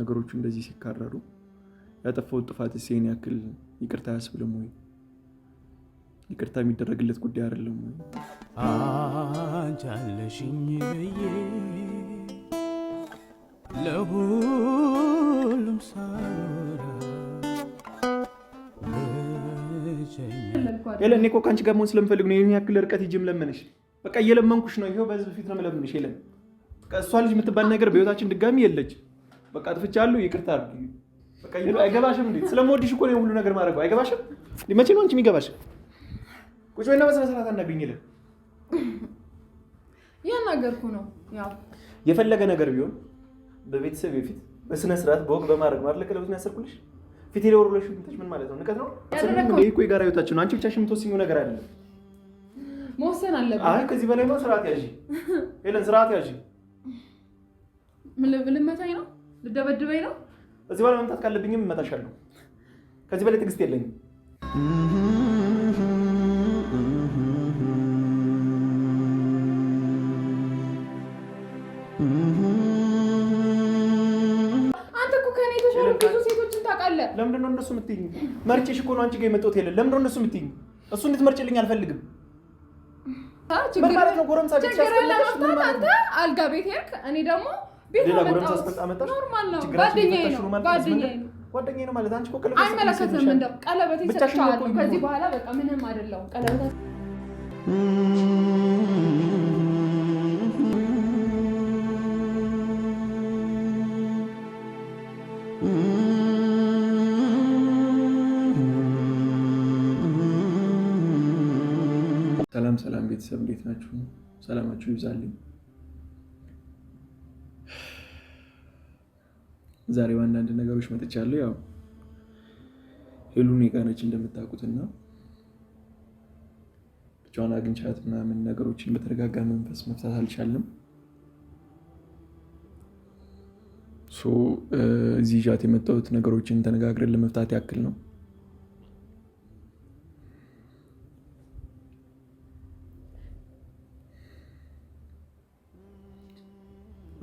ነገሮቹ እንደዚህ ሲካረሩ ያጠፋው ጥፋት ሴን ያክል ይቅርታ አያስብልም ወይ? ይቅርታ የሚደረግለት ጉዳይ አይደለም ወይ? አንቺ በዬ ለሁሉም ሳራ የለ እኔ እኮ ከአንቺ ጋር መሆን ስለምፈልግ ነው። ይህን ያክል ርቀት ሂጂም ለመነሽ በቃ እየለመንኩሽ ነው። ይኸው በህዝብ ፊት ነው የምለምንሽ። የለም እሷ ልጅ የምትባል ነገር በህይወታችን ድጋሚ የለች። በቃ አጥፍቻለሁ፣ ይቅርታ አድርጊ። አይገባሽም እንዴ? ስለምወድሽ እኮ ነው ሁሉ ነገር ማድረግ አይገባሽም። መቼ ነው አንቺ የሚገባሽ? ቁጭ በይና በስነ ስርዓት አናግሪኝ። ይለን ያናገርኩ ነው ያው የፈለገ ነገር ቢሆን በቤተሰብ የፊት በስነ ስርዓት በወግ በማድረግ ማድረግ ቀለበት ያሰርኩልሽ ፊቴ ላይ ወርብለሽ ምን ማለት ነው? ንቀት ነው ይሄ እኮ የጋራ ህይወታችን ነው። አንቺ ብቻሽ የምትወስኚው ነገር አይደለም። መወሰን አለብን። አይ ከዚህ በላይ ነው። ስርዓት ያዢ፣ ሄለን ስርዓት ያዢ። ምን ልመታኝ ነው ልደበድበኝ ነው? እዚህ በኋላ መምታት ካለብኝም እመጣሻለሁ። ከዚህ በላይ ትዕግስት የለኝም። አንተ እኮ ከእኔ የተሻሉ ብዙ ሴቶችን ታውቃለህ። ለምንድን ነው እንደሱ የምትይኝ? መርጬሽ እኮ ነው አንቺ ጋር የመጣሁት። የለ ለምንድን ነው እንደሱ የምትይኝ? እሱ እንድትመርጭልኝ አልፈልግም። ችግር የለም። ጎረምሳ ቤት ሲያስቀምጥሽ አልጋ ቤት ሄድክ፣ እኔ ደግሞ ሌላ ጎረምሳ አስመጣ መጣሽ። ጓደኛዬ ነው ጓደኛዬ ነው ማለት አንቺ እኮ ቀለበት አይመለከትም። እንደው ቀለበት ይሰጥሻል። ከዚህ በኋላ በቃ ምንም አይደለሁም። ቀለበት ሰላም ሰላም፣ ቤተሰብ እንዴት ናችሁ? ሰላማችሁ ይብዛልኝ። ዛሬ በአንዳንድ ነገሮች መጥቻለሁ። ያው ሄሉ የጋነች እንደምታውቁትና ብቻዋን አግኝቻት ምናምን ነገሮችን በተረጋጋ መንፈስ መፍታት አልቻልንም። እዚህ ይዣት የመጣሁት ነገሮችን ተነጋግረን ለመፍታት ያክል ነው።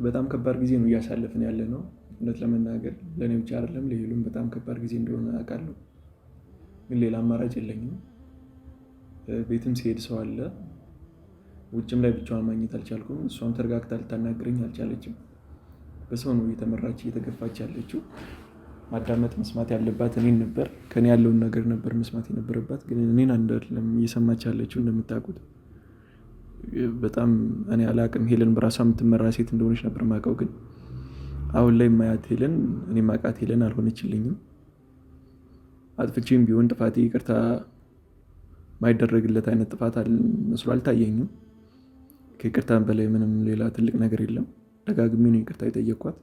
በጣም ከባድ ጊዜ ነው እያሳለፍን ያለ ነው። እውነት ለመናገር ለእኔ ብቻ አይደለም ለሄሉም በጣም ከባድ ጊዜ እንደሆነ አውቃለሁ፣ ግን ሌላ አማራጭ የለኝም። ቤትም ሲሄድ ሰው አለ። ውጭም ላይ ብቻዋን ማግኘት አልቻልኩም። እሷም ተረጋግታ ልታናግረኝ አልቻለችም። በሰው ነው እየተመራች እየተገፋች ያለችው። ማዳመጥ መስማት ያለባት እኔን ነበር። ከኔ ያለውን ነገር ነበር መስማት የነበረባት፣ ግን እኔን አይደለም እየሰማች ያለችው። እንደምታውቁት በጣም እኔ አላቅም ሄለን በራሷ የምትመራ ሴት እንደሆነች ነበር የማውቀው ግን አሁን ላይ የማያት ሄለን እኔ ማቃት ሄለን አልሆነችልኝም። አጥፍቼም ቢሆን ጥፋቴ ይቅርታ ማይደረግለት አይነት ጥፋት መስሎ አልታየኝም። ከይቅርታን በላይ ምንም ሌላ ትልቅ ነገር የለም። ደጋግሜ ነው ይቅርታ የጠየኳት።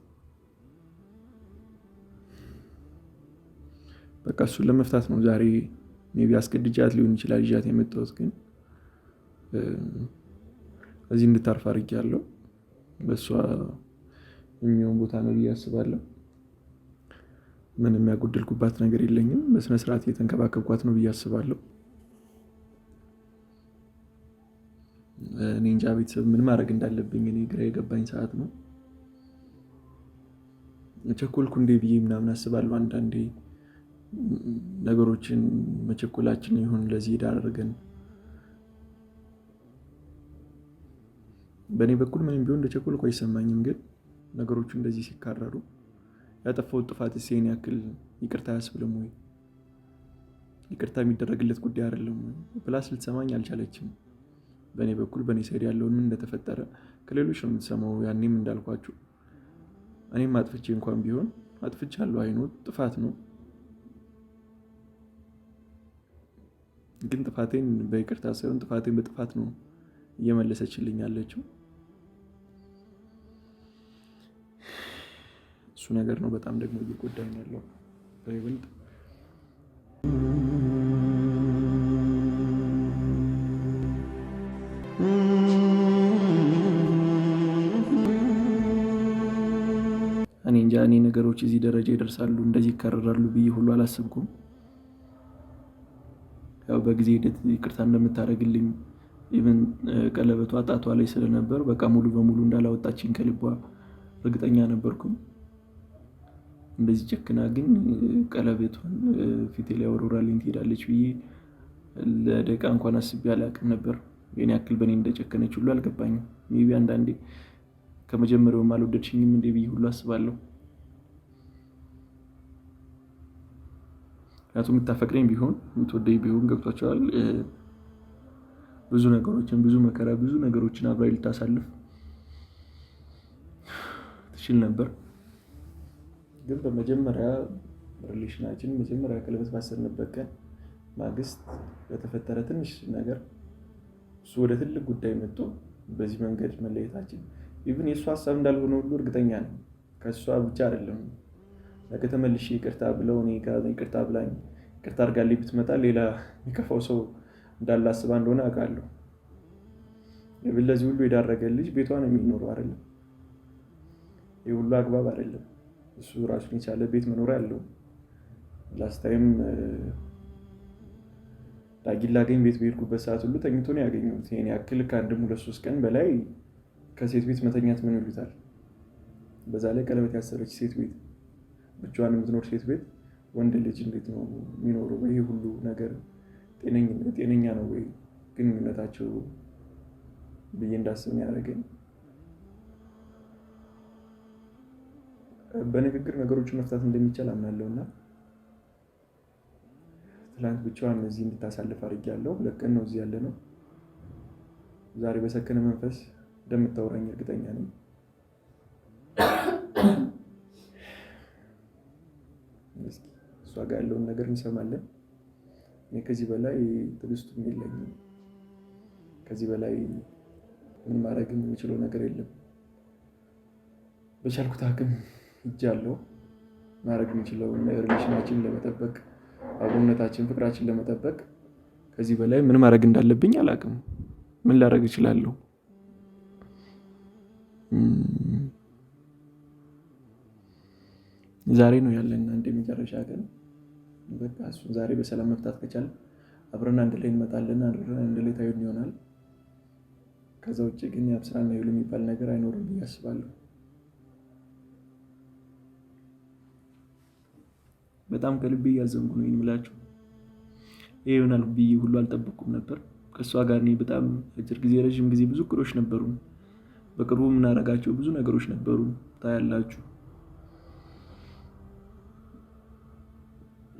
በቃ እሱን ለመፍታት ነው ዛሬ ሜይ ቢ አስገድጃት ሊሆን ይችላል ይዣት የመጣሁት ግን እዚህ እንድታርፍ አድርጌያለሁ በእሷ የሚሆን ቦታ ነው ብዬ አስባለሁ። ምንም ያጎደልኩባት ነገር የለኝም። በስነስርዓት ስርዓት እየተንከባከብኳት ነው ብዬ አስባለሁ። እኔ እንጃ ቤተሰብ ምን ማድረግ እንዳለብኝ እኔ ግራ የገባኝ ሰዓት ነው። ቸኮልኩ እንዴ ብዬ ምናምን አስባለሁ። አንዳንዴ ነገሮችን መቸኮላችን ይሁን ለዚህ ዳረገን። በእኔ በኩል ምንም ቢሆን እንደቸኮልኩ አይሰማኝም ግን ነገሮቹ እንደዚህ ሲካረሩ ያጠፋሁት ጥፋት ሴን ያክል ይቅርታ ያስብልም ወይ? ይቅርታ የሚደረግለት ጉዳይ አይደለም ወይ? ፕላስ ልትሰማኝ አልቻለችም። በእኔ በኩል በእኔ ሳይድ ያለውን ምን እንደተፈጠረ ከሌሎች ነው የምትሰማው። ያኔም እንዳልኳችሁ እኔም አጥፍቼ እንኳን ቢሆን አጥፍቻለሁ። አይኖ ጥፋት ነው፣ ግን ጥፋቴን በይቅርታ ሳይሆን ጥፋቴን በጥፋት ነው እየመለሰችልኝ ያለችው። እሱ ነገር ነው በጣም ደግሞ እየጎዳኝ ያለው ይበልጥ እኔ እንጃ እኔ ነገሮች እዚህ ደረጃ ይደርሳሉ፣ እንደዚህ ይካረራሉ ብዬ ሁሉ አላስብኩም። ያው በጊዜ ሂደት ይቅርታ እንደምታደርግልኝ ኢቨን ቀለበቷ ጣቷ ላይ ስለነበር በቃ ሙሉ በሙሉ እንዳላወጣችን ከልቧ እርግጠኛ ነበርኩም። እንደዚህ ጨክና ግን ቀለበቷን ፊቴ ላይ አውርውራልኝ ትሄዳለች ብዬ ለደቃ እንኳን አስቤ አላቅም ነበር። የኔ ያክል በእኔ እንደጨከነች ሁሉ አልገባኝም። ቢ አንዳንዴ ከመጀመሪያውም አልወደድሽኝም እንደ ብዬ ሁሉ አስባለሁ። ምክንያቱም የምታፈቅረኝ ቢሆን የምትወደኝ ቢሆን ገብቷቸዋል። ብዙ ነገሮችን ብዙ መከራ ብዙ ነገሮችን አብራይ ልታሳልፍ ትችል ነበር። ግን በመጀመሪያ ሪሌሽናችን መጀመሪያ ቀለበት ባሰርንበት ቀን ማግስት በተፈጠረ ትንሽ ነገር እሱ ወደ ትልቅ ጉዳይ መጥቶ በዚህ መንገድ መለየታችን ኢቭን የእሱ ሀሳብ እንዳልሆነ ሁሉ እርግጠኛ ነው። ከእሷ ብቻ አይደለም ከተመልሼ ይቅርታ ብለው እኔ ጋር ይቅርታ ብላኝ ይቅርታ አድርጋልኝ ብትመጣ ሌላ የሚከፋው ሰው እንዳላስባ እንደሆነ አውቃለሁ። ለዚህ ሁሉ የዳረገ ልጅ ቤቷ ነው የሚኖረው አይደለም። ይህ ሁሉ አግባብ አይደለም። እሱ ራሱን የቻለ ቤት መኖሪያ አለው። ላስታይም ዳጊን ላገኝ ቤት በሄድኩበት ሰዓት ሁሉ ተኝቶ ነው ያገኘሁት። ይሄን ያክል ከአንድም ሁለት ሶስት ቀን በላይ ከሴት ቤት መተኛት ምን ይሉታል? በዛ ላይ ቀለበት ያሰረች ሴት ቤት፣ ብቻዋን የምትኖር ሴት ቤት ወንድ ልጅ እንዴት ነው የሚኖረው? ይህ ሁሉ ነገር ጤነኛ ነው ወይ ግንኙነታቸው ብዬ እንዳስብ ያደረገኝ በንግግር ነገሮችን መፍታት እንደሚቻል አምናለሁ እና ትላንት ብቻዋን እዚህ እንድታሳልፍ አድርጌያለሁ። ሁለት ቀን ነው እዚህ ያለ ነው። ዛሬ በሰከነ መንፈስ እንደምታወራኝ እርግጠኛ ነኝ። እሷ ጋር ያለውን ነገር እንሰማለን። እኔ ከዚህ በላይ ትዕግስቱም የለኝም። ከዚህ በላይ ምን ማድረግ የምችለው ነገር የለም። በቻልኩት አቅም እጅ አለው። ማድረግ የምችለው ሪሌሽናችንን ለመጠበቅ አብሮነታችን፣ ፍቅራችን ለመጠበቅ ከዚህ በላይ ምን ማድረግ እንዳለብኝ አላውቅም። ምን ላደርግ እችላለሁ? ዛሬ ነው ያለን እናንተ የመጨረሻ ቀን። በቃ እሱ ዛሬ በሰላም መፍታት ከቻል አብረን አንድ ላይ እንመጣለን፣ አንድ ላይ ታዩን ይሆናል። ከዛ ውጭ ግን የአብስራና ይሉ የሚባል ነገር አይኖርም ብዬ አስባለሁ። በጣም ከልቤ እያዘንኩ ነው የምላችሁ። ይህ ይሆናል ብዬ ሁሉ አልጠበቅኩም ነበር። ከእሷ ጋር እኔ በጣም አጭር ጊዜ፣ ረዥም ጊዜ ብዙ እቅዶች ነበሩ። በቅርቡ የምናደርጋቸው ብዙ ነገሮች ነበሩ። ታያላችሁ።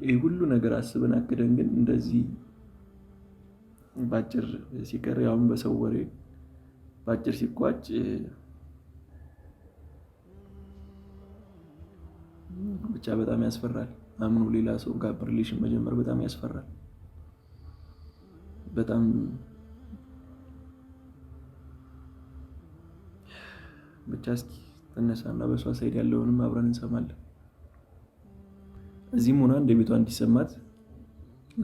ይህ ሁሉ ነገር አስበን አቅደን ግን እንደዚህ በአጭር ሲቀር ያሁን በሰው ወሬ በአጭር ሲቋጭ ብቻ በጣም ያስፈራል። አምኖ ሌላ ሰው ጋር ሪሌሽን መጀመር በጣም ያስፈራል። በጣም ብቻ እስኪ እና በእሷ ሳይድ ያለውንም አብረን እንሰማለን። እዚህም ሆና እንደ ቤቷ እንዲሰማት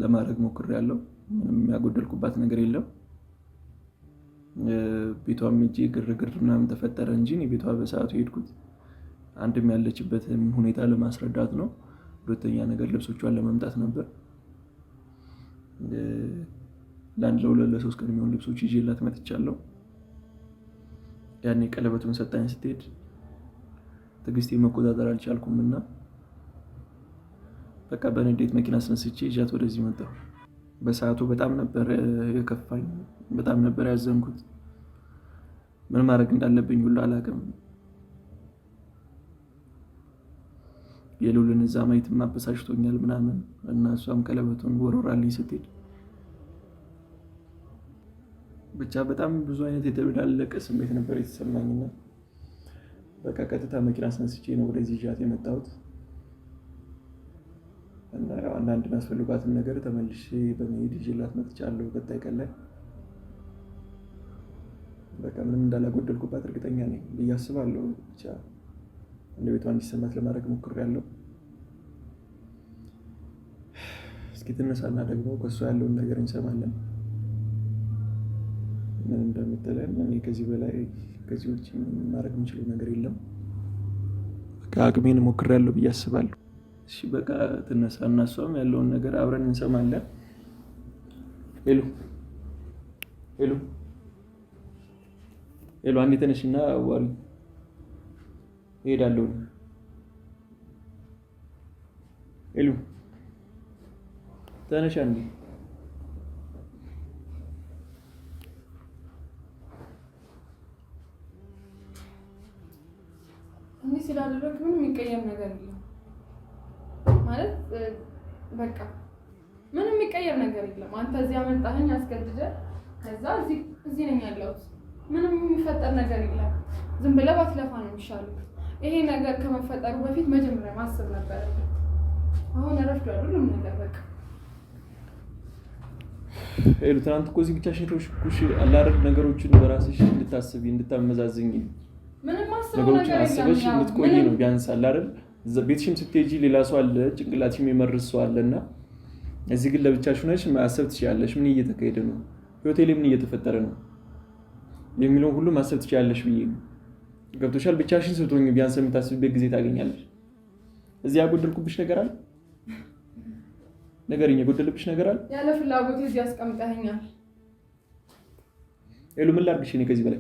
ለማድረግ ያለው ምንም የሚያጎደልኩባት ነገር የለም። ቤቷም እጅ ግርግር ምናምን ተፈጠረ እንጂ ቤቷ በሰዓቱ የሄድኩት አንድም ያለችበትን ሁኔታ ለማስረዳት ነው። ሁለተኛ ነገር ልብሶቿን ለመምጣት ነበር። ለአንድ ለሁለት ለሶስት ቀን የሚሆን ልብሶች ይዤላት መጥቻለሁ። ያኔ ቀለበቱን ሰጣኝ ስትሄድ ትዕግስቴ መቆጣጠር አልቻልኩም እና በቃ በንዴት መኪና አስነስቼ እዣት ወደዚህ መጣሁ። በሰዓቱ በጣም ነበር የከፋኝ፣ በጣም ነበር ያዘንኩት። ምን ማድረግ እንዳለብኝ ሁሉ አላውቅም። የሉልን እዛ ማየትም አበሳጭቶኛል ምናምን እና እሷም ቀለበቱን ወርወራልኝ ስትሄድ ብቻ በጣም ብዙ አይነት የተደላለቀ ስሜት ነበር የተሰማኝና በቃ ቀጥታ መኪና ሰንስቼ ነው ወደዚህ ይዣት የመጣሁት እና ያው አንዳንድ የሚያስፈልጓትን ነገር ተመልሼ በመሄድ ይዤላት መጥቻለሁ። ቀጣይ ቀን ላይ በቃ ምንም እንዳላጎደልኩባት እርግጠኛ ነኝ ብዬ አስባለሁ ብቻ እንደ ቤቷ እንዲሰማት ለማድረግ ሞክሬያለሁ። እስኪ ትነሳና ደግሞ ከእሷ ያለውን ነገር እንሰማለን። ምን እንደምትለን እኔ ከዚህ በላይ ከዚህ ውጭ ማድረግ የምችለው ነገር የለም። በቃ አቅሜን ሞክሬያለሁ ብዬ አስባለሁ። እሺ በቃ ትነሳና እሷም ያለውን ነገር አብረን እንሰማለን። ሄሎ ሄሎ ሄሎ፣ አንዴ ተነሽና ዋል እሄዳለሁ። ሄሉ ተነሻ እንዴ? እንዲህ ስላደረግ ምንም የሚቀየር ነገር የለም ማለት በቃ ምንም የሚቀየር ነገር የለም። አንተ እዚህ አመጣህኝ አስገድደህ፣ ከዛ እዚህ ነኝ ያለሁት። ምንም የሚፈጠር ነገር የለም። ዝም ብለህ ባትለፋ ነው የሚሻለው። ይሄ ነገር ከመፈጠሩ በፊት መጀመሪያ ማሰብ ነበረ። አሁን ረፍዷል ሁሉም ነገር በቃ። ሄሉ ትናንት እኮ እዚህ ሸቶች ኩሽ አላረግ ነገሮችን በራስሽ እንድታስቢ እንድታመዛዝኝ ነገሮችን አስበሽ እንድትቆይ ነው። ቢያንስ አላረግ ቤትሽም ስትሄጂ ሌላ ሰው አለ፣ ጭንቅላትሽም የመርስ ሰው አለ እና እዚህ ግን ለብቻሽ ሆነሽ ማሰብ ትችያለሽ። ምን እየተካሄደ ነው፣ ሆቴሌ ምን እየተፈጠረ ነው የሚለውን ሁሉ ማሰብ ትችያለሽ ብዬ ነው ገብቶሻል። ብቻሽን ስትሆኝ ቢያንስ የምታስብበት ጊዜ ታገኛለች እዚህ ያጎደልኩብሽ ነገር አለ? ነገርኝ፣ የጎደልብሽ ነገር አለ? ያለ ፍላጎት እዚህ ያስቀምጠኛል ሄሉ ምን ላድርግሽ? እኔ ከዚህ በላይ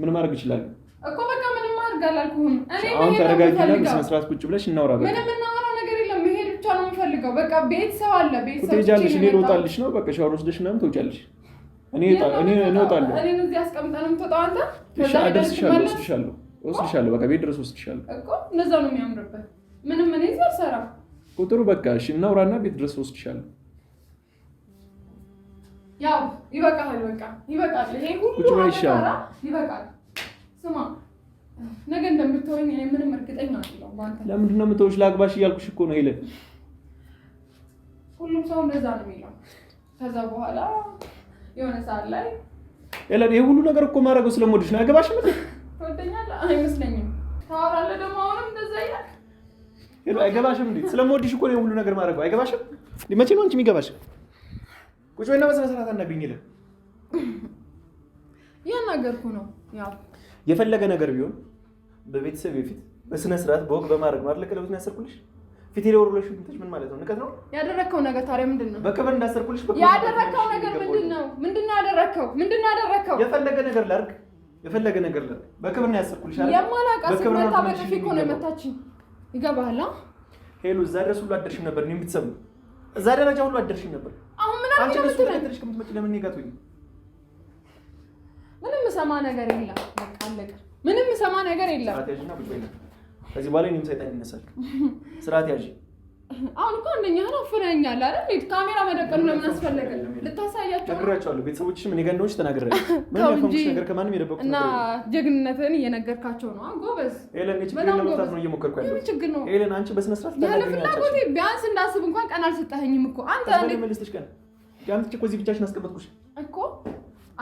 ምን ማድረግ ይችላል እኮ? በቃ ምንም ማድረግ አላልኩህም። አሁን ተረጋጊና በስነ ቁጭ ብለሽ እናውራ። በቃ ብቻ ነው የምፈልገው። በቃ ቤት አለ፣ ቤት ትሄጃለሽ። እኔ ልወጣልሽ ነው። በቃ ሻወር ወስደሽ ምናምን ትወጫለሽ። እኔ እወጣለሁ። እኔ እዚህ አስቀምጠህ የምትወጣው አንተ እወስድሻለሁ በቃ ቤት ድረስ እንደዛ ነው የሚያምርበት። ምንም ምን እዚህ ሰራ ቁጥሩ በቃ እሺ፣ እናውራና ቤት ድረስ እወስድሻለሁ። ያው ይበቃል፣ በቃ ይበቃል። ይሄ ሁሉ ይበቃል። ስማ ነገ እንደምትወኝ እኔ ምንም እርግጠኛ አይደለሁም። ለምንድን ነው የምትወጪው? እያልኩሽ እኮ ነው። ይለ ሁሉም ሰው እንደዛ ነው የሚለው። ከዛ በኋላ የሆነ ሰዓት ላይ ያለ ይሄ ሁሉ ነገር እኮ ማድረገው ስለምወድሽ ነው። ያገባሽም ምን ትወደኛለህ? አይመስለኝም። እንደዛ ይላል። ይሄ አይገባሽም እንዴ? ስለምወድሽ እኮ ነው ሁሉ ነገር ማድረገው። አይገባሽም እንዴ? መቼ ነው አንቺ የሚገባሽ? ቁጭ በይና በስነ ስርዓት አናግሪኝ ያናገርኩ ነው ያው የፈለገ ነገር ቢሆን በቤተሰብ በፊት በስነ ስርዓት በወግ በማድረግ ማድረግ ለውት ነው ያሰርኩልሽ ፊቴ ላይ ወሮለሽ ምን ማለት ነው? ንቀት ነው ያደረከው ነገር። ታዲያ ምንድን ነው? በክብር እንዳሰርኩልሽ ያደረከው ነገር ምንድን ነው? ምንድን ነው ያደረከው? ምንድን ነው ያደረከው? የፈለገ ነገር ላድርግ፣ የፈለገ ነገር ላድርግ፣ በክብር ነው ያሰርኩልሽ አይደል? የማላውቃት ስትመታ በጥፊ እኮ ነው የመታችኝ። ይገባሃል? ሄሎ፣ እዛ ድረስ ሁሉ አደርሽም ነበር እኔ የምትሰሙ፣ እዛ ደረጃ ሁሉ አደርሽም ነበር። አሁን ምን አድርገህ ነው የምትለኝ? ከምትመጪ ለምን ይጋቱኝ? ምንም ሰማ ነገር የለም። በቃ አለቀ። ምንም ሰማ ነገር የለም። ከዚህ በኋላ እኔም ሰይጣን ይነሳል። ስርዓት ያዥ። አሁን እኮ እንደኛ ነው አፍረኸኛል አይደል? ካሜራ መደቀኑ ለምን አስፈለገ? ልታሳያቸው ነግራቸዋለሁ። ቤተሰቦችሽም እኔ ጋር እንደሆንሽ ተናግሬያለሁ። ነገር ከማንም የደበቁት እና ጀግንነትን እየነገርካቸው ነው። ጎበዝ ኤለን፣ ችግር ለመፍታት ነው እየሞከርኩ ያለው። ችግር ነው ኤለን፣ አንቺ በስነ ስርዓት ያለ ፍላጎቴ ቢያንስ እንዳስብ እንኳን ቀን አልሰጠኸኝም እኮ አንተ። አንዴ መለስተሽ ቀን ያምጥቼ እኮ እዚህ ብቻሽን አስቀመጥኩሽ እኮ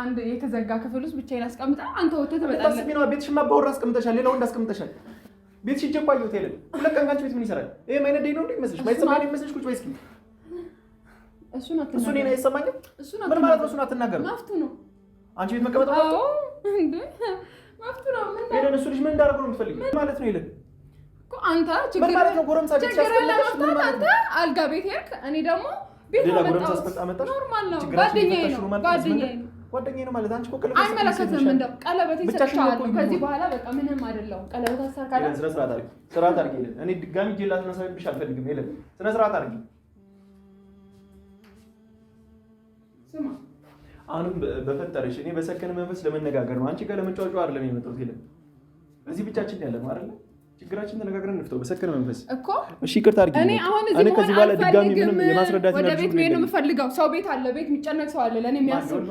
አንድ የተዘጋ ክፍል ውስጥ ብቻዬን አስቀምጠህ አንተ ወተህ ትመጣለህ። ቤትሽማ በወር አስቀምጠሻል፣ ሌላ ወንድ አስቀምጠሻል። ቤት ሽጄ እኮ አየሁት የለም። ሁለት ቀን ከአንቺ ቤት ምን ይሰራል? ይሄ ማይነት ደኝ ነው እንዴ ይመስልሽ? ማይሰማ ነው ይመስልሽ? ቁጭ በይ እስኪ። እሱን አትናገር። እሱን እኔ አይሰማኝም። ምን ማለት ነው? እሱን አትናገር። ማፍቱ ነው አንቺ ቤት መቀመጥ ነው። እንዴ ማፍቱ ነው። ምን ማለት እሱ ልጅ ምን እንዳደረገው ነው የምትፈልጊው? ምን ማለት ነው? ይለም እኮ አንተ ችግር ምን ማለት ነው? ጎረምሳ ብቻ ያስቀምጣሽ። ምን ማለት ነው? አልጋ ቤት ሄድክ፣ እኔ ደግሞ ቤት ነው። ጎረምሳ አስቀምጣ ኖርማል ነው። ጓደኛዬ ነው ጓደኛዬ ነው ጓደኛዬ ነው ማለት አንቺ እኮ ቀለበት አይመለከትም። እንደው ቀለበት ይሰጥሻል። ከዚህ በኋላ በቃ ምንም አይደለሁም። ቀለበት አሳካለ። ስነ ስርዓት አድርጊ፣ ስርዓት አድርጊ። እኔ ድጋሚ ጄላ ተነሳብሽ አልፈልግም። ሄለን ስነ ስርዓት አድርጊ። ስማ፣ አሁንም በፈጠረሽ እኔ በሰከነ መንፈስ ለመነጋገር ነው። አንቺ ጋር ለመጫወጫ አይደለም የመጣሁት። ሄለን እዚህ ብቻችን ያለ ነው አይደል? ችግራችን ተነጋግረን እንፍተው በሰከነ መንፈስ እኮ። እሺ ይቅርታ አድርጊ። እኔ አሁን እዚህ ከዚህ በኋላ ድጋሚ ምንም የማስረዳት ወደ ቤት መሄድ ነው የምፈልገው። ሰው ቤት አለ፣ ቤት የሚጨነቅ ሰው አለ፣ ለእኔ የሚያስብ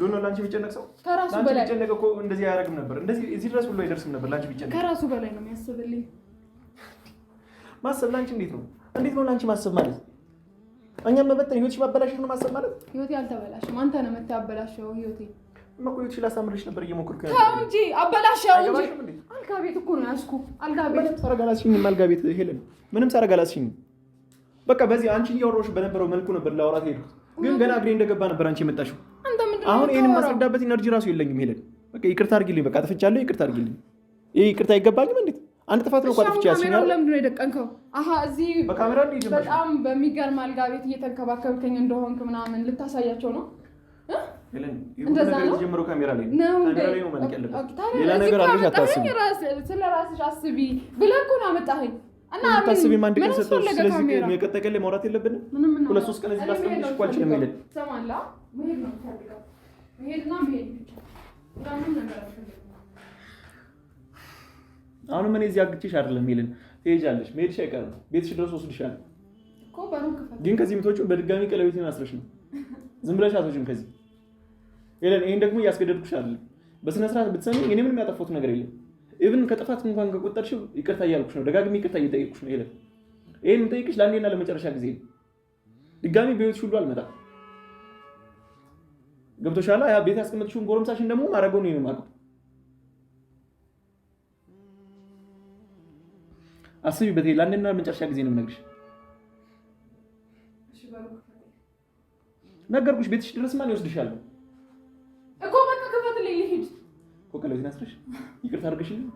ሉኖ ላንቺ ቢጨነቅ ሰው ከራሱ በላይ ቢጨነቅ እኮ እንደዚህ አያደርግም ነበር። እንደዚህ እዚህ ድረስ ሁሉ አይደርስም ነበር። ላንቺ ቢጨነቅ ከራሱ በላይ ነው የሚያስብልኝ። ማሰብ ላንቺ እንዴት ነው? እንዴት ነው ላንቺ ማሰብ ማለት? እኛም መበተን ህይወትሽ ማበላሸት ነው ማሰብ ማለት። ህይወቴ አልተበላሽም። አንተ ነህ የምታበላሸው። ህይወቴ መቆየት ላሳምርሽ ነበር እየሞከርኩ ነው እንጂ አበላሸው እንጂ አልጋ ቤት እኮ ነው ያዝኩህ። አልጋ ቤት ምንም ሳረግ አላስሽኝም። አልጋ ቤት ሄለን ምንም ሳረግ አላስሽኝም። በቃ በዚህ አንቺ እያወራሁሽ በነበረው መልኩ ነበር ላወራት ሄድኩት፣ ግን ገና እግሬ እንደገባ ነበር አንቺ የመጣሽው አሁን ይህን የማስረዳበት ኢነርጂ ራሱ የለኝም። ሄለን በቃ ይቅርታ አድርጊልኝ፣ በቃ አጥፍቻለሁ፣ ይቅርታ አድርጊልኝ። ይህ ይቅርታ አይገባኝም እንዴት አንድ ጥፋት ነው አጥፍቼ ያስኛል። ለምንድን ነው የደቀንከው? አሀ እዚህ በጣም በሚገርም አልጋ ቤት እየተንከባከብከኝ እንደሆንክ ምናምን ልታሳያቸው ነው። ቀን ሁለት ሶስት ቀን እዚህ ላስቀምጥሽ እኮ አልችልም። ሰማላ መሄድ ነው መሄድና መሄድ ብቻ ምናምን ነገር አልፈልግም። አሁንም እኔ እዚህ አግቼሽ አይደለም ሄልን ትሄጃለሽ። መሄድሽ አይቀርም። ቤትሽ ድረስ ወስድሻለሁ እኮ ግን ከዚህ የምትወጪው በድጋሚ ቀለቤቴን አስረሽ ነው። ዝም ብለሽ አትወጪም ከዚህ ሄለን። ይሄን ደግሞ እያስገደድኩሽ አይደለም። በስነ ስርዓት ብትሰሚ እኔ ምንም ያጠፋሁት ነገር የለም። ኢቭን ከጥፋት እንኳን ከቆጠርሽ ይቅርታ እያልኩሽ ነው። ደጋግሜ ይቅርታ እየጠየቅኩሽ ነው ሄለን። ይሄን የምጠይቅሽ ለአንዴና ለመጨረሻ ጊዜ ነው። ድጋሚ በሕይወትሽ ሁሉ አልመጣም። ገብቶሻል? ያ ቤት ያስቀመጥሽውን ጎረምሳሽን ደግሞ ማድረገው ነው የማውቀው። አስቢበት። ለአንድና መጨረሻ ጊዜ ነው የምነግርሽ። ነገርኩሽ፣ ቤትሽ ድረስ ማን ይወስድሻል እኮ። በቃ ከፋት ላይ ይሄድ እኮ ቀለቤትን አስረሽ ይቅርታ አድርገሽልኝ።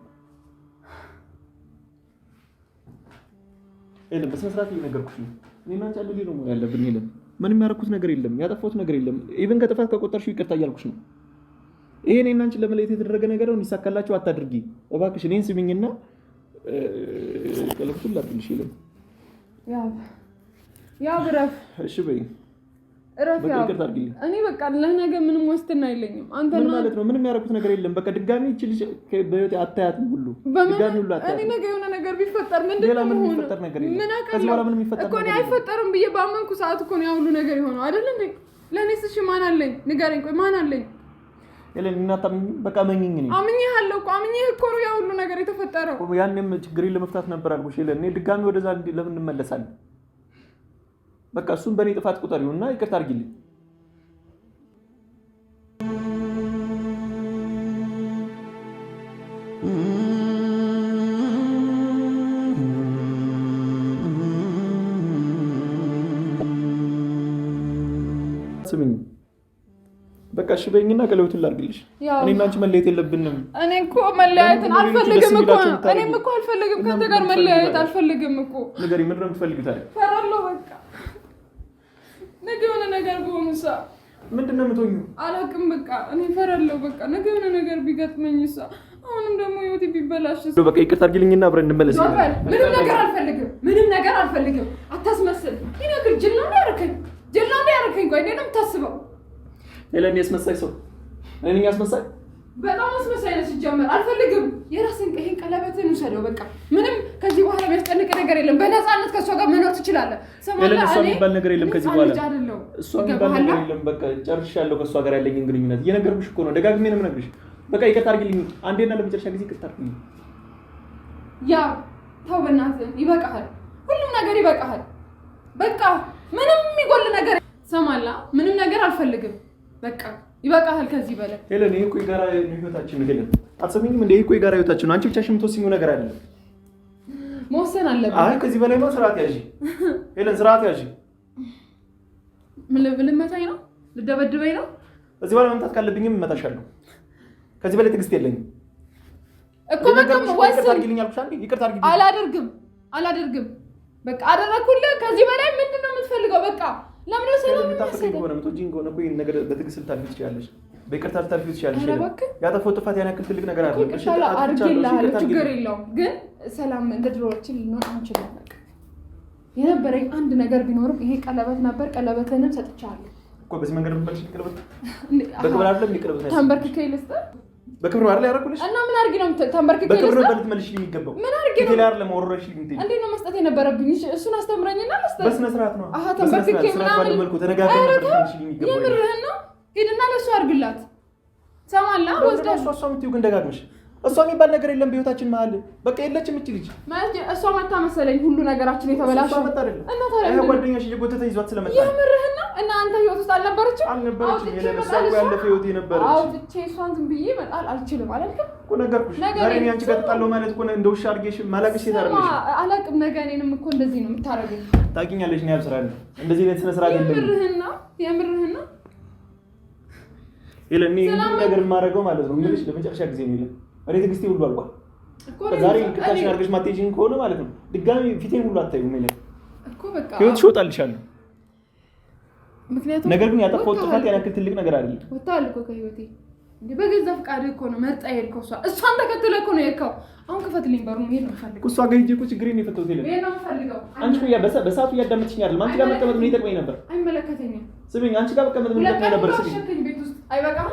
የለም በስነ ስርዓት እየነገርኩሽ ነው። እኔ እና አንቺ ነው ያለብን። የለም ምንም ያደረኩት ነገር የለም፣ ያጠፋሁት ነገር የለም። ኢቨን ከጥፋት ከቆጠርሽው ይቅርታ እያልኩሽ ነው። ይሄ እኔና አንቺን ለመለየት የተደረገ ነገር ነው። እንዲሳካላችሁ አታድርጊ እባክሽ። እኔን ስሚኝና ቀለብቱን ላትልሽ ይለም ያው ያው ብረፍ እሺ በይ እኔ በቃ ለነገ ምንም ዋስትና የለኝም። አንተ ማለት ነው ምንም ያደረኩት ነገር የለም። በቃ ድጋሚ ይህች ልጅ አታያትም። ሁሉ እኔ ነገ የሆነ ነገር ቢፈጠር ምንድን ነው የምሆነው? አይፈጠርም ብዬ በአመንኩ ሰዓት እኮ ነው ያሁሉ ነገር የሆነው አይደል እንዴ? ለእኔስ እሺ ማን አለኝ? ንገረኝ። ቆይ ማን አለኝ? በቃ መኝኝ ነኝ አምኜሃለሁ እኮ አምኜህ እኮ ነው ያሁሉ ነገር የተፈጠረው። ያኔም ችግሬን ለመፍታት ነበር አልኩሽ። ድጋሚ ወደዛ ለምን እንመለሳለን? በቃ እሱን በእኔ ጥፋት ቁጠሪውና ይቅርታ አድርጊልኝ። ስምኝ በቃ እሺ በይኝና ቀለበቱን ላድርግልሽ። እኔ እና አንቺ መለየት የለብንም። እኔ እኮ መለያየትን አልፈልግም እኮ እኔም እኮ አልፈልግም። ከአንተ ጋር መለያየት አልፈልግም እኮ። ንገሪኝ፣ ምንድን ነው የምትፈልጊው ታዲያ? ምንድን ነው የምትሆኚው? አላውቅም። በቃ እኔ እፈራለሁ። በቃ ነገ የሆነ ነገር ቢገጥመኝ እሷ አሁንም ደግሞ ህይወት ቢበላሽ በቃ ይቅርታ አድርጊልኝና አብረን እንመለስ። ምንም ነገር አልፈልግም። ምንም ነገር አልፈልግም። አታስመስል። ይህ ነገር ጅል ነው ያደረከኝ። ጅል ነው ያደረከኝ። ቆይ ነው የምታስበው? ሄለን ያስመሳይ ሰው እኔ ያስመሳይ በጣም አስመሳይ ነው ሲጀመር። አልፈልግም። የራስን ቀሄን ቀለበትን ውሰደው በቃ ምንም ከዚህ በኋላ የሚያስጨንቅ ነገር የለም። በነፃነት ከእሷ ጋር መኖር ትችላለህ። እሷ የሚባል ነገር የለም። ከዚህ በኋላ እሷ የሚባል ነገር የለም። በቃ ጨርሻለሁ ከእሷ ጋር ያለኝን ግንኙነት። እየነገርኩሽ እኮ ነው፣ ደጋግሜ ነው የምነግርሽ። በቃ ይቅርታ አድርጊልኝ፣ አንዴና ለመጨረሻ ጊዜ ይቅርታ አድርጊልኝ። ያ ተው፣ በእናትህ ይበቃሃል፣ ሁሉም ነገር ይበቃሃል። በቃ ምንም የሚጎል ነገር ሰማላ፣ ምንም ነገር አልፈልግም። በቃ ይበቃሃል ከዚህ በላይ ሄለን። ይሄ እኮ የጋራ ህይወታችን ሄለን፣ አትሰሚኝም? እንደ ይሄ እኮ የጋራ ህይወታችን ነው። አንቺ ብቻሽን የምትወስኚው ነገር አይደለም። መወሰን አለብን። አይ ከዚህ በላይ ነው። ስርዓት ያዥ ሄለን፣ ስርዓት ያዥ። ምን ልመታኝ ነው? ልደበድበኝ ነው? እዚህ በላይ መምታት ካለብኝም እመታሻለሁ። ከዚህ በላይ ትዕግስት የለኝም እኮ። በቃ ወስን። ይቅርታ አድርጊልኝ። አላደርግም፣ አላደርግም። በቃ አደረግኩልህ። ከዚህ በላይ ምንድን ነው የምትፈልገው? በቃ ለምን ሰላም ነው ነገር በትዕግስት ልታልፊ ትችያለሽ በይቅርታ ልታልፊ ትችያለሽ። ያጠፋው ጥፋት ያን ያክል ትልቅ ነገር አለ። ችግር የለውም ግን ሰላም እንደ ድሮዎችን ልንሆን አንችልም። በቃ የነበረኝ አንድ ነገር ቢኖርም ይሄ ቀለበት ነበር። ቀለበትንም ሰጥቻለሁ እኮ በዚህ መንገድ በክብር ያደረኩልሽ እና ምን ነው በክብር የሚገባው ምን ነው ቴላር እንዴ ነው መስጠት የነበረብኝ እሱን አስተምረኝና መስጠት በስነ ስርዓት ነው አሃ ምናምን መልኩ የሚገባው የምርህን ነው ሄድና ለእሱ አድርግላት ሰማላ ወስዳ ሶሶም ግን ደጋግመሽ እሷ የሚባል ነገር የለም በህይወታችን መሀል በቃ የለችም። እች ልጅ እሷ መታ መሰለኝ ሁሉ ነገራችን የተበላሸው ጓደኛሽ እየጎተተ ይዟት ስለመጣ የምርህን እና አንተ ህይወት ውስጥ አልነበረችም አልነበረችም። ያለፈ ህይወት የነበረች አውጥቼ እሷን ዝም ብዬ መጣል አልችልም አላልክም እኮ ነገርኩሽ። ዛሬ እኔ አንቺ ጋር ተጣለው ማለት እኮ እንደ ውሻ አድርጌሽ ማላቅሽ ሴት አይደለሽ። አላቅም ነገ እኔንም እኮ እንደዚህ ነው የምታደርገኝ። ታውቂኛለሽ እኔ ያልስራለ እንደዚህ አይነት ስነ ስርዓት የለም። የምርህን ነው ይለ እኔ ነገር የማደርገው ማለት ነው ምልሽ ለመጨረሻ ጊዜ ነው ይለ እኔ ትዕግስቴ ሁሉ አልቋል። ዛሬ ቅጣሽን አድርገሽ ማትሄጂን ከሆነ ማለት ነው ድጋሚ ፊቴን ሁሉ አታዩም። ምን ህይወት ሽወጣልሻለሁ። ምክንያቱም ነገር ግን ያጠፋሁት ጥፋት ያን ያክል ትልቅ ነገር አይደለም። ወጣል እኮ ከህይወቴ እንዴ! በገዛ ፍቃድ እኮ ነው መርጣ የሄድከው። እሷ እሷን ተከትለ እኮ ነው የሄድከው። አሁን ክፈትልኝ በሩ ነው የምፈልገው። እሷ ጋር ሂጅ እኮ ችግሬን የፈተሁት የለም። አንቺ እኮ በሰዓቱ እያዳመጥሽኝ አይደለም። አንቺ ጋር መቀመጥ ምን ይጠቅመኝ ነበር? አይመለከተኝም። ስሚኝ፣ አንቺ ጋር መቀመጥ ምን ይጠቅመኝ ነበር? ስሚኝ፣ ቤት ውስጥ አይበቃም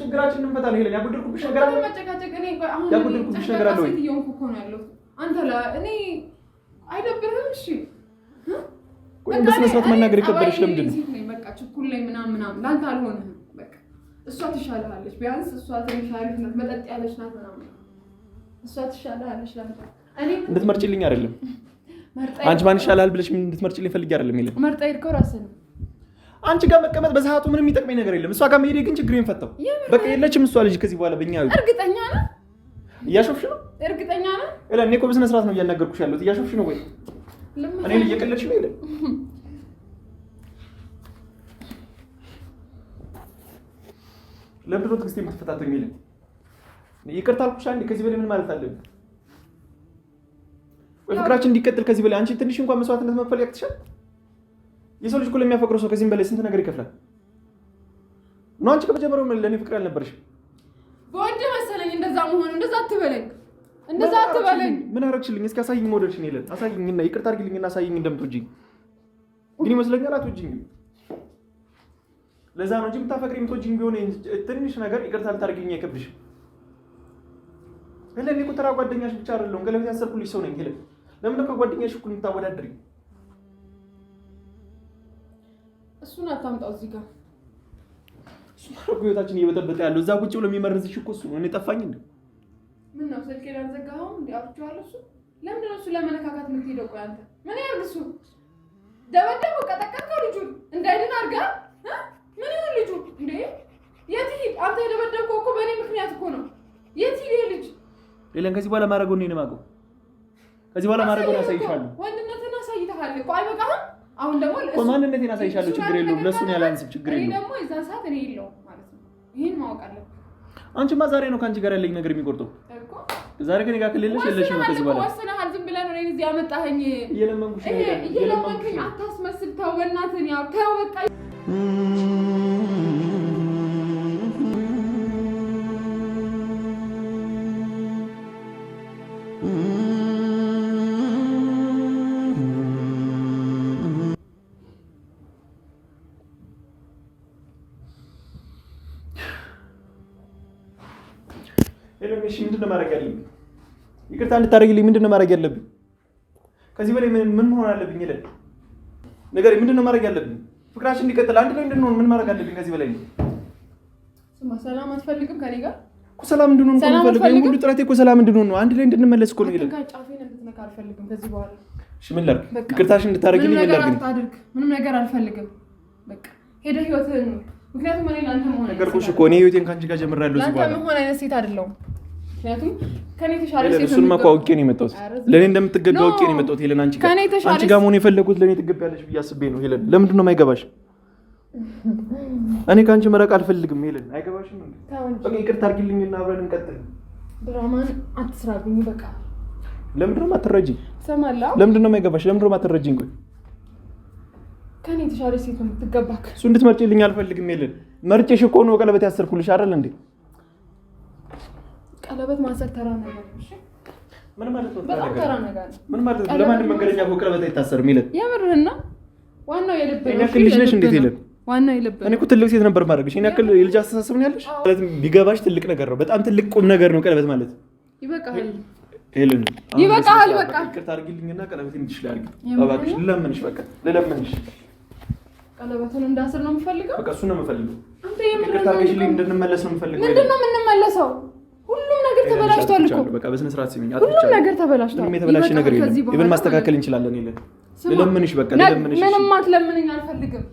ችግራችን እንፈታል ይለኝ። ያጎደልኩብሽ ነገር አለ መጨቃጨቅ። እኔ አሁን ነገር አለ ወይ? እየሆንኩ እኮ ነው አንተ እኔ አይደብርህም? እሺ በስነ መናገር የከበደሽ ለምንድን ነው? በቃ ችኩል ላይ ምናምን ምናምን ለአንተ አልሆንህም። እሷ ትሻልሃለች፣ ቢያንስ እሷ ትንሽ አሪፍ ናት፣ መጠጥ ያለች ናት ምናምን። እሷ ትሻልሃለች እንድትመርጭልኝ አይደለም አንቺ ማን ይሻላል ብለሽ እንድትመርጭልኝ ፈልጌ አይደለም። ይለ መርጠ ሄድከው ራስህ ነው አንቺ ጋር መቀመጥ በሰዓቱ ምንም የሚጠቅመኝ ነገር የለም። እሷ ጋር መሄዴ ግን ችግሬን ፈታው። በቃ የለችም እሷ ልጅ ከዚህ በኋላ በእኛ እርግጠኛ እያሾፍሽ ነው? እርግጠኛ እኔ እኮ በስነ ስርዓት ነው እያናገርኩሽ ያለሁት። እያሾፍሽ ነው ወይ? እኔ እየቀለድሽ ነው? የለም ለምድሮ ትግስት የምትፈታተኝ የሚል ይቅርታ አልኩሽ አንዴ። ከዚህ በላይ ምን ማለት አለብን? ወይ ፍቅራችን እንዲቀጥል ከዚህ በላይ አንቺ ትንሽ እንኳን መስዋዕትነት መክፈል ያቅትሻል? የሰው ልጅ እኮ ለሚያፈቅረው ሰው ከዚህም በላይ ስንት ነገር ይከፍላል። ነው አንቺ ከመጀመሪያው ለእኔ ፍቅር ያልነበረሽ በወንድ መሰለኝ። እንደዛ መሆኑ እንደዛ አትበለኝ፣ እንደዛ አትበለኝ። ምን አረግሽልኝ? እስኪ አሳይኝ፣ መውደድሽን የለን አሳይኝና፣ ይቅርታ አድርጊልኝና አሳይኝ። እንደምትወጂኝ ግን ይመስለኛል አትወጂኝም። ለዛ ነው እንጂ የምታፈቅሪኝ የምትወጂኝ ቢሆን ትንሽ ነገር ይቅርታ ልታደርጊልኝ አይከብድሽም። ሄለን እኔ እኮ ተራ ጓደኛሽ ብቻ አይደለሁም፣ ቀለበት ያሰርኩልሽ ሰው ነኝ ሄለን። ለምን ከጓደኛሽ እኩል የምታወዳድሪኝ? እሱን አታምጣው እዚህ ጋር። እሱን ጉዮታችን እየበጠበጠ ያለው እዛ ቁጭ ብሎ የሚመርዝሽ እኮ እሱ ነው። እኔ ጠፋኝ እንዴ? ምን ነው ስልኬ ላልዘጋኸው እንዴ? አውርቼዋለሁ። እሱ ለምንድን ነው እሱ ለመነካካት የምትሄደው? ቆይ አንተ ምን ያርግ? እሱ ደበደበው፣ ቀጠቀጥከው፣ ልጁን እንዳይድን አድርገህ ምን ይሁን ልጁ እንዴ? የት ሂድ አንተ? የደበደብከው እኮ በእኔ ምክንያት እኮ ነው። የት ሂድ ልጅ ሌላን ከዚህ በኋላ ማድረገው ነው የማውቀው። ከዚህ በኋላ ማድረገው ነው ወንድነትን አሳይተሃል እኮ አሁን ደግሞ ማንነቴን አሳይሻለሁ። ችግር የለውም። ነው ያላንስብ ችግር የለውም። ደግሞ የዛን ሰዓት እኔ የለውም ማለት ነው። ይህን ማወቅ አለብን። አንቺማ ዛሬ ነው ከአንቺ ጋር ያለኝ ነገር የሚቆርጠው። ዛሬ ግን ጋር ክልልሽ የለሽ ነው። ከዚህ በኋላ ወስነሃል። ዝም ብለህ ነው እዚህ ያመጣኸኝ። እየለመንኩሽ እየለመንኩኝ። አታስመስል። ተው በእናትህ። ያው ተው በቃ ይቅርታ እንድታደርግልኝ ምንድን ነው ማድረግ ያለብኝ? ከዚህ በላይ ምን መሆን አለብኝ? ይለን ነገር ምንድን ነው ማድረግ ያለብኝ? ፍቅራችን እንዲቀጥል አንድ ላይ እንድንሆን ምን ማድረግ አለብኝ? ከዚህ በላይ ነው። ሰላም አትፈልግም ከኔ ጋር እኮ ሰላም እንድንሆን እኮ የምፈልገው ሁሉ ጥረት እኮ ሰላም እንድንሆን ነው። አንድ ላይ እንድንመለስ እኮ ነው። ይሄ እሺ፣ ምን ላድርግ? ይቅርታሽን እንድታደርግልኝ ምን ላድርግ? ምንም ነገር አልፈልግም። በቃ ሄደህ ህይወትህን ነው። ምክንያቱም እኔ ላንተ መሆን ነገር እኮ እኔ ህይወቴን ከአንቺ ጋር ጀምሬያለሁ። እዚህ በኋላ ላንተ መሆን አይነት ሴት አይደለሁም ምክንያቱም ከኔ ተሻለ ሴት እሱን አውቄ ነው የመጣሁት። ለእኔ እንደምትገባ አውቄ ነው የመጣሁት። ሄለን አንቺ ጋር አንቺ ጋር መሆን የፈለጉት ለእኔ ትገቢያለሽ ብዬ አስቤ ነው። ሄለን ለምንድን ነው የማይገባሽ? እኔ ከአንቺ መረቅ አልፈልግም። ሄለን አይገባሽም። ይቅርታ አድርጊልኝና አብረን እንቀጥል። ድራማን አትስራብኝ። በቃ ለምንድን ነው የማትረጂኝ? ለምንድን ነው የማይገባሽ? ለምንድን ነው የማትረጂኝ? ቆይ ከኔ የተሻለ ሴት ነው የምትገባ። እሱ እንድትመርጭልኝ አልፈልግም። ሄለን መርጬሽ እኮ ነው ቀለበት ያሰርኩልሽ አይደል እንዴ? ቀለበት ማሰር ተራ ነገር ምን ማለት ነው? ለማንም መንገደኛ ቀለበት አይታሰርም ይለን። የምርህን ዋናው የልብ ነው። ልጅ ነሽ እንዴት ይለን። ዋናው የልብ እኔ እኮ ትልቅ ሴት ነበር ማድረግሽ። ይሄን ያክል የልጅ አስተሳሰብ ያለሽ። ማለት ቢገባሽ ትልቅ ነገር ነው። በጣም ትልቅ ቁም ነገር ነው ቀለበት ማለት። ይበቃል ይበቃል። ቀለበቱን እንዳስር ነው የምፈልገው። የምንመለሰው? ሁሉም ነገር ተበላሽቷል እኮ በቃ በስነ ስርዓት ሲሚኝ ሁሉም ነገር ተበላሽቷል። ምንም የተበላሸ ነገር የለም። ይብን ማስተካከል እንችላለን። የለን ልለምንሽ፣ በቃ ልለምንሽ። ምንም አትለምንኝ አልፈልግም።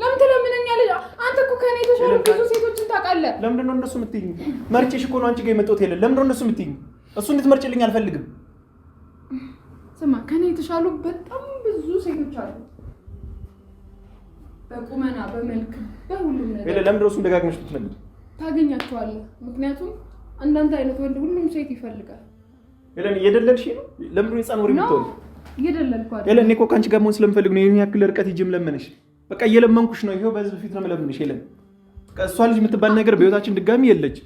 ለምን ትለምነኛለህ? አንተ እኮ ከኔ የተሻሉ ብዙ ሴቶችን ታውቃለህ። ለምንድን ነው እነሱ የምትይኝ? መርጬሽ እኮ ነው አንቺ ጋር የመጣሁት። የለን ለምንድን ነው እነሱ የምትይኝ? እሱ እንድትመርጭልኝ አልፈልግም። ስማ፣ ከኔ የተሻሉ በጣም ብዙ ሴቶች አሉ። በቁመና፣ በመልክ፣ በሁሉም ነገር። ለምንድን ነው እሱን ደጋግመሽ ብትነግሪኝ? ታገኛቸዋለህ ምክንያቱም እንዳንተ አይነት ወንድ ሁሉም ሴት ይፈልጋል። ሄለን እየደለልሽ ነው። ለምንድን ነው የህፃን ወሬ የምትሆን? እየደለልኩ አይደል? ሄለን እኔ እኮ ከአንቺ ጋር መሆን ስለምፈልግ ነው ይሄን ያክል ርቀት ሂጂም ለምንሽ። በቃ እየለመንኩሽ ነው። ይሄው በዚህ ፊት ነው የምለምንሽ። ሄለን እሷ ልጅ የምትባል ነገር በህይወታችን ድጋሚ የለች።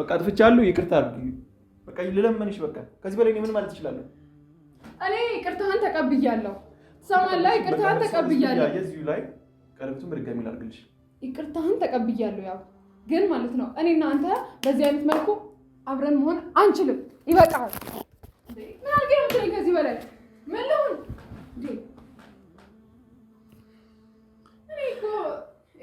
በቃ አጥፍቻለሁ፣ ይቅርታ አድርጊ። በቃ ልለምንሽ። በቃ ከዚህ በላይ ምን ማለት እችላለሁ? እኔ ይቅርታህን ተቀብያለሁ። ሰማን ላይ ይቅርታህን ተቀብያለሁ። የዚሁ ላይ ቀረብቱም ድጋሚ ላድርግልሽ። ይቅርታህን ተቀብያለሁ ያው ግን ማለት ነው እኔ አንተ በዚህ አይነት መልኩ አብረን መሆን አንችልም። ይበቃል። ምን አድርጌ ነው የምትለኝ? ከዚህ በላይ ምን ልሁን? እኔ እኮ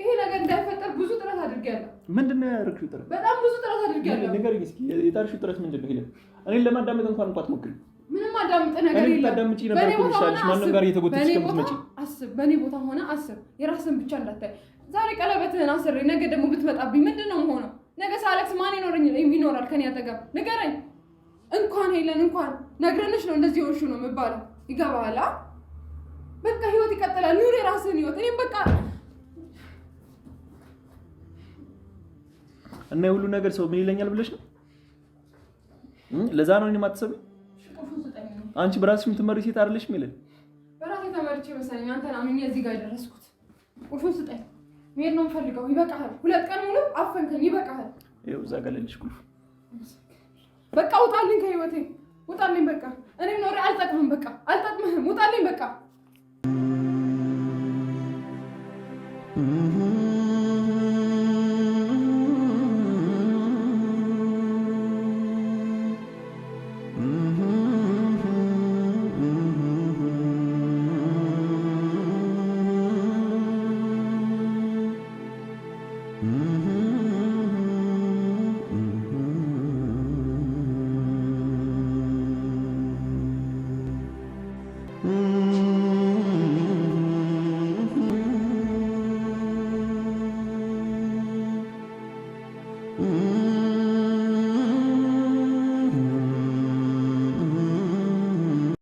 ይሄ ነገር እንዳይፈጠር ብዙ ጥረት አድርጌያለሁ። ምንድን ነው ያደረግሽው ጥረት? በጣም ብዙ ጥረት አድርጌያለሁ። ንገሪኝ እስኪ የጣርሽው ጥረት ምንድን ነው? ሄደ እኔን ለማዳመጥ እንኳን እንኳ አትሞክሪም። ምንም አዳምጥ ነገር የለም። ታዳምጪ ነበር እኮ ይሻልሽ። ማንም ጋር እየተጎተተሽ ከምትመጪ አስብ። በእኔ ቦታ ሆነ አስብ። የራስን ብቻ እንዳታይ ዛሬ ቀለበትህን አስሬ ነገ ደግሞ ብትመጣብኝ ምንድን ነው የምሆነው? ነገ ሳለክስ ማን ይኖረኝ ይኖራል ከኔ አጠገብ? ንገረኝ። እንኳን ሄለን እንኳን ነግረንሽ ነው እንደዚህ ሆንሽ ነው የምባለው። ይገባሃል? በቃ ህይወት ይቀጥላል። ኑር የራስህን ህይወት። እኔም በቃ እና የሁሉ ነገር ሰው ምን ይለኛል ብለሽ ነው? ለዛ ነው እኔ አትሰብም። አንቺ በራስሽ የምትመሪ ሴት አይደለሽ የሚለን በራሴ ተመርቼ መሰለኝ አንተን አምኜ እዚህ ጋር የደረስኩት። ቁልፉን ስጠኝ መሄድ ነው የምፈልገው። ይበቃሃል። ሁለት ቀን ሙሉ አፈንከኝ። ይበቃል። ይኸው እዛ ጋር ልልሽ ቁልፍ። በቃ ውጣልኝ፣ ከህይወቴ ውጣልኝ። በቃ እኔም ኖሬ አልጠቅምህም። በቃ አልጠቅምህም። ውጣልኝ በቃ